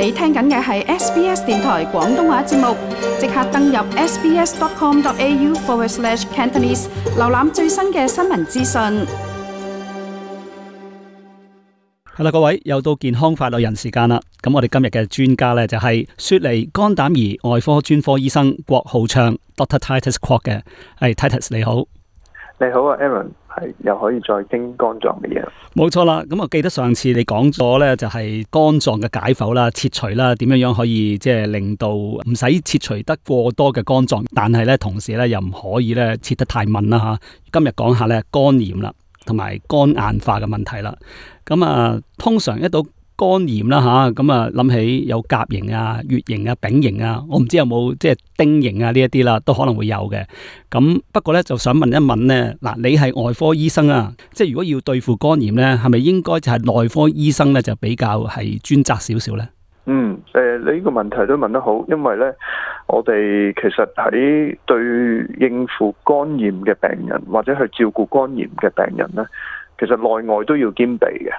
你聽緊嘅係 SBS 電台廣東話節目，即刻登入 sbs.com.au/cantonese an 瀏覽最新嘅新聞資訊。Hello 各位，又到健康快樂人時間啦！咁我哋今日嘅專家呢，就係、是、雪梨肝膽兒外科專科醫生郭浩昌 Doctor Titus Kwok 嘅，係、哎、Titus 你好。你好啊，Aaron，係又可以再經肝臟嘅嘢，冇錯啦。咁我記得上次你講咗呢，就係肝臟嘅解剖啦、切除啦，點樣樣可以即係、就是、令到唔使切除得過多嘅肝臟，但係呢，同時呢，又唔可以咧切得太敏啦吓。今日講下呢，肝炎啦，同埋肝硬化嘅問題啦。咁啊，通常一到肝炎啦吓，咁啊諗起有甲型啊、乙型啊、丙型啊，我唔知有冇即係丁型啊呢一啲啦，都可能會有嘅。咁不過咧，就想問一問咧，嗱、啊，你係外科醫生啊，即係如果要對付肝炎咧，係咪應該就係內科醫生咧就比較係專責少少咧？嗯，誒、呃，你呢個問題都問得好，因為咧，我哋其實喺對應付肝炎嘅病人或者去照顧肝炎嘅病人咧，其實內外都要兼備嘅。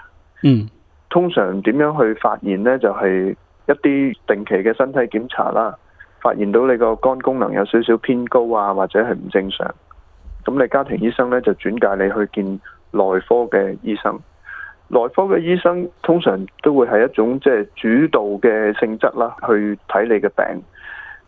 嗯。通常點樣去發現呢？就係、是、一啲定期嘅身體檢查啦，發現到你個肝功能有少少偏高啊，或者係唔正常。咁你家庭醫生呢，就轉介你去見內科嘅醫生。內科嘅醫生通常都會係一種即係、就是、主導嘅性質啦，去睇你嘅病。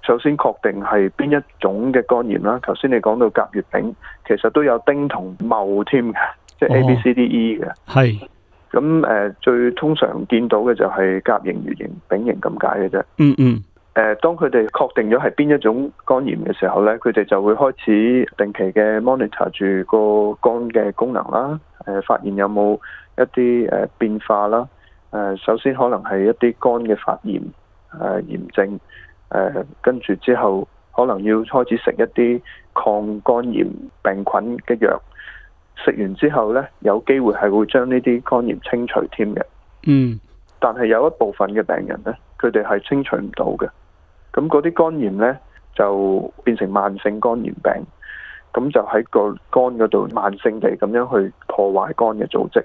首先確定係邊一種嘅肝炎啦。頭先你講到甲乙丙，其實都有丁同戊添嘅，即係 A B C D E 嘅。係、哦。咁誒、呃、最通常見到嘅就係甲型、乙型、丙型咁解嘅啫。嗯嗯。誒、呃，當佢哋確定咗係邊一種肝炎嘅時候咧，佢哋就會開始定期嘅 monitor 住個肝嘅功能啦。誒、呃，發現有冇一啲誒、呃、變化啦。誒、呃，首先可能係一啲肝嘅發炎、誒、呃、炎症。誒、呃，跟住之後可能要開始食一啲抗肝炎病菌嘅藥。食完之後呢，有機會係會將呢啲肝炎清除添嘅。嗯，但係有一部分嘅病人呢，佢哋係清除唔到嘅。咁嗰啲肝炎呢，就變成慢性肝炎病。咁就喺個肝嗰度慢性地咁樣去破壞肝嘅組織。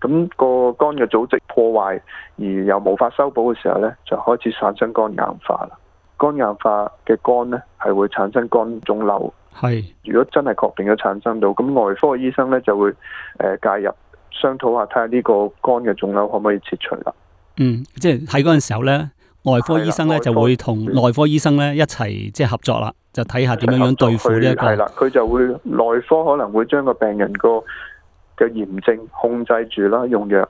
咁個肝嘅組織破壞而又無法修補嘅時候呢，就開始產生肝硬化啦。肝硬化嘅肝呢，係會產生肝腫瘤。係，是如果真係確定咗產生到，咁外科醫生咧就會誒、呃、介入，商討下睇下呢個肝嘅腫瘤可唔可以切除啦。嗯，即係喺嗰陣時候咧，外科醫生咧的就會同內科醫生咧一齊即係合作啦，就睇下點樣樣對付呢、這、一個。係啦，佢就會內科可能會將個病人個嘅炎症控制住啦，用藥。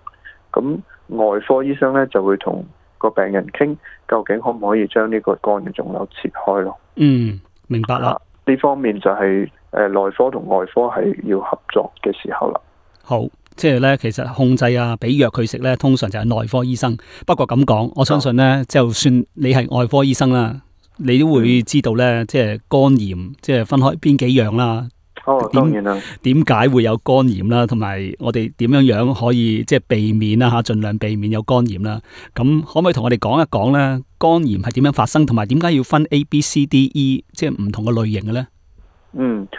咁外科醫生咧就會同個病人傾，究竟可唔可以將呢個肝嘅腫瘤切開咯。嗯，明白啦。呢方面就係、是、誒、呃，內科同外科係要合作嘅時候啦。好，即係咧，其實控制啊，俾藥佢食咧，通常就係內科醫生。不過咁講，我相信咧，啊、就算你係外科醫生啦，你都會知道咧，即係、嗯、肝炎，即、就、係、是、分開邊幾樣啦。哦，當然啦。點解會有肝炎啦？同埋我哋點樣樣可以即係避免啦？嚇，儘量避免有肝炎啦。咁可唔可以同我哋講一講咧？肝炎係點樣發生？同埋點解要分 A、B、C、D、E 即係唔同嘅類型嘅咧？嗯，誒、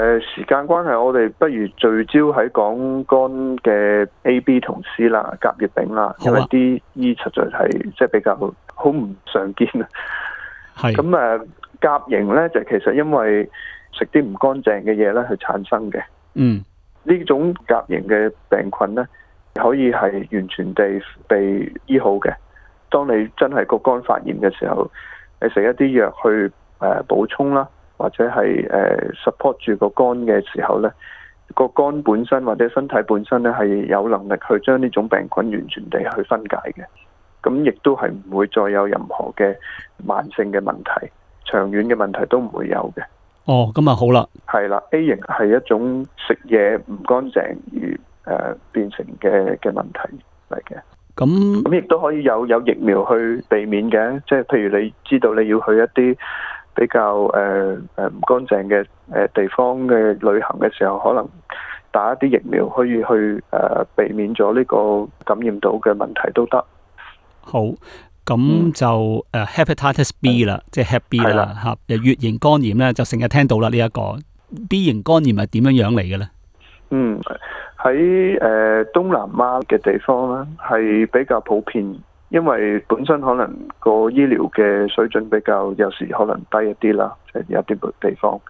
呃、時間關係，我哋不如聚焦喺講肝嘅 A、B 同 C 啦，甲乙丙啦，D、E 實在係即係比較好唔常見啊。係咁誒，甲型咧就其實因為，食啲唔乾淨嘅嘢咧，係產生嘅。嗯，呢種甲型嘅病菌呢，可以係完全地被醫好嘅。當你真係個肝發炎嘅時候，你食一啲藥去誒補充啦，或者係誒、呃、support 住個肝嘅時候呢，呢個肝本身或者身體本身咧係有能力去將呢種病菌完全地去分解嘅。咁亦都係唔會再有任何嘅慢性嘅問題、長遠嘅問題都唔會有嘅。哦，咁啊好啦，係啦 A 型係一種食嘢唔乾淨而誒、呃、變成嘅嘅、呃、問題嚟嘅。咁咁亦都可以有有疫苗去避免嘅，即係譬如你知道你要去一啲比較誒誒唔乾淨嘅誒地方嘅旅行嘅時候，可能打一啲疫苗可以去誒、呃、避免咗呢個感染到嘅問題都得。好。咁就誒 hepatitis B 啦，嗯、即係 Hep B 啦嚇。誒乙型肝炎咧，就成日聽到啦呢一個。B 型肝炎係點樣樣嚟嘅咧？嗯，喺誒東南亞嘅地方咧，係比較普遍，因為本身可能個醫療嘅水準比較有時可能低一啲啦，即係有啲地方。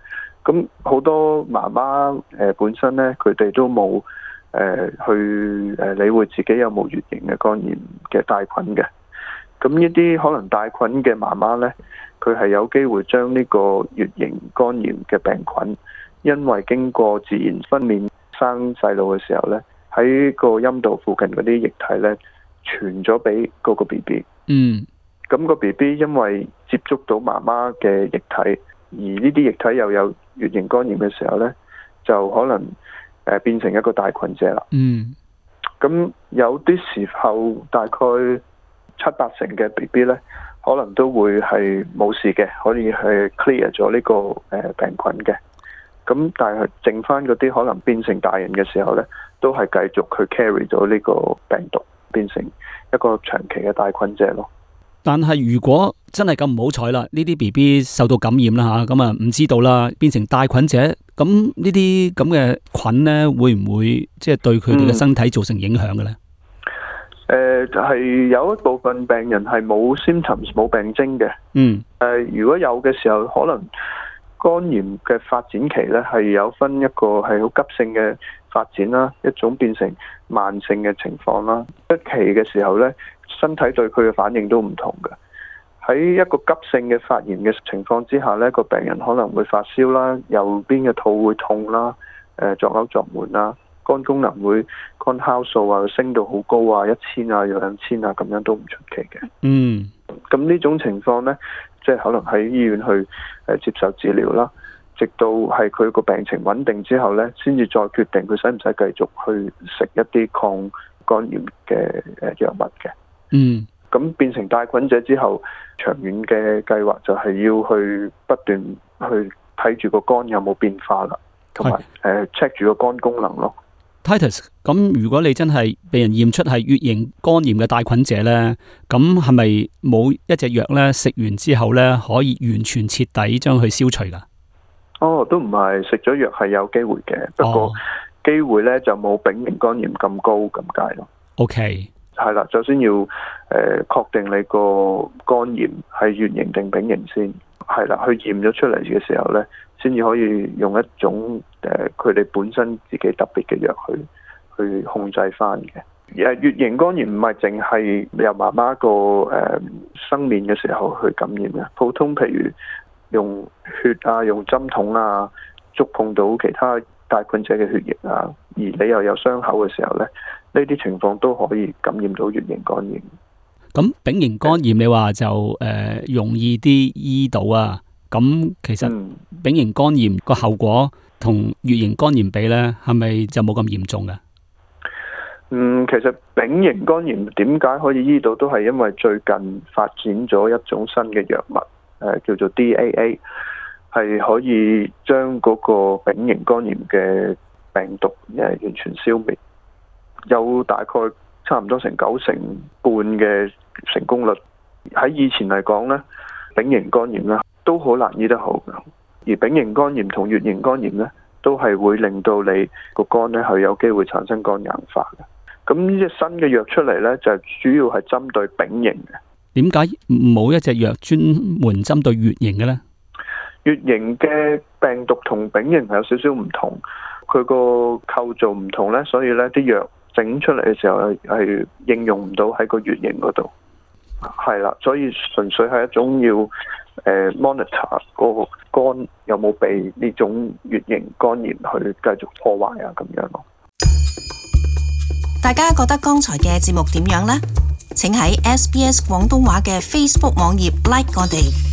咁好多媽媽誒本身咧，佢哋都冇誒去誒理會自己有冇乙型嘅肝炎嘅帶菌嘅。咁一啲可能帶菌嘅媽媽呢，佢係有機會將呢個乙型肝炎嘅病菌，因為經過自然分娩生細路嘅時候呢，喺個陰道附近嗰啲液體呢傳咗俾嗰個 B B。嗯。咁個 B B 因為接觸到媽媽嘅液體，而呢啲液體又有乙型肝炎嘅時候呢，就可能誒、呃、變成一個帶菌者啦。嗯。咁有啲時候大概，七八成嘅 B B 咧，可能都會係冇事嘅，可以係 clear 咗呢個誒病菌嘅。咁但係剩翻嗰啲可能變成大人嘅時候咧，都係繼續去 carry 咗呢個病毒，變成一個長期嘅帶菌者咯。但係如果真係咁唔好彩啦，呢啲 B B 受到感染啦嚇，咁啊唔知道啦，變成帶菌者，咁呢啲咁嘅菌咧，會唔會即係對佢哋嘅身體造成影響嘅咧？嗯。誒，係、呃、有一部分病人係冇 symptoms 冇病徵嘅。嗯。誒，如果有嘅時候，可能肝炎嘅發展期咧，係有分一個係好急性嘅發展啦，一種變成慢性嘅情況啦。一期嘅時候咧，身體對佢嘅反應都唔同嘅。喺一個急性嘅發炎嘅情況之下咧，個病人可能會發燒啦，右邊嘅肚會痛啦，誒、呃，作嘔作悶啦。肝功能會肝酵素啊，升到好高啊，一千啊、兩千啊，咁樣都唔出奇嘅。嗯，咁呢種情況呢，即係可能喺醫院去誒、呃、接受治療啦，直到係佢個病情穩定之後呢，先至再決定佢使唔使繼續去食一啲抗肝炎嘅誒藥物嘅。嗯，咁變成帶菌者之後，長遠嘅計劃就係要去不斷去睇住個肝有冇變化啦，同埋 check 住個肝功能咯。Titus，咁如果你真係被人驗出係乙型肝炎嘅帶菌者咧，咁係咪冇一隻藥咧食完之後咧可以完全徹底將佢消除噶？哦，都唔係，食咗藥係有機會嘅，不過機會咧就冇丙型肝炎咁高咁解咯。OK，係啦，首先要誒確、呃、定你個肝炎係乙型定丙型先，係啦，佢驗咗出嚟嘅時候咧。先至可以用一種誒佢哋本身自己特別嘅藥去去控制翻嘅。而乙型肝炎唔係淨係由媽媽個誒生面嘅時候去感染嘅。普通譬如用血啊、用針筒啊、觸碰到其他帶菌者嘅血液啊，而你又有傷口嘅時候咧，呢啲情況都可以感染到乙型肝炎。咁、嗯、丙型肝炎你話就誒、呃、容易啲醫到啊？咁其實丙型肝炎個後果同乙型肝炎比咧，係咪就冇咁嚴重嘅？嗯，其實丙型肝炎點解可以醫到，都係因為最近發展咗一種新嘅藥物，誒叫做 DAA，係可以將嗰個丙型肝炎嘅病毒誒完全消滅，有大概差唔多成九成半嘅成功率。喺以前嚟講咧，丙型肝炎咧。都好難醫得好噶而丙型肝炎同乙型肝炎咧，都係會令到你個肝咧，係有機會產生肝硬化嘅。咁呢隻新嘅藥出嚟咧，就係主要係針對丙型嘅。點解冇一隻藥專門針對乙型嘅咧？乙型嘅病毒同丙型係有少少唔同，佢個構造唔同咧，所以咧，啲藥整出嚟嘅時候係係應用唔到喺個乙型嗰度。係啦，所以純粹係一種要誒、呃、monitor 嗰個肝有冇被呢種乙型肝炎去繼續破壞啊，咁樣咯。大家覺得剛才嘅節目點樣呢？請喺 SBS 廣東話嘅 Facebook 網頁 like 我哋。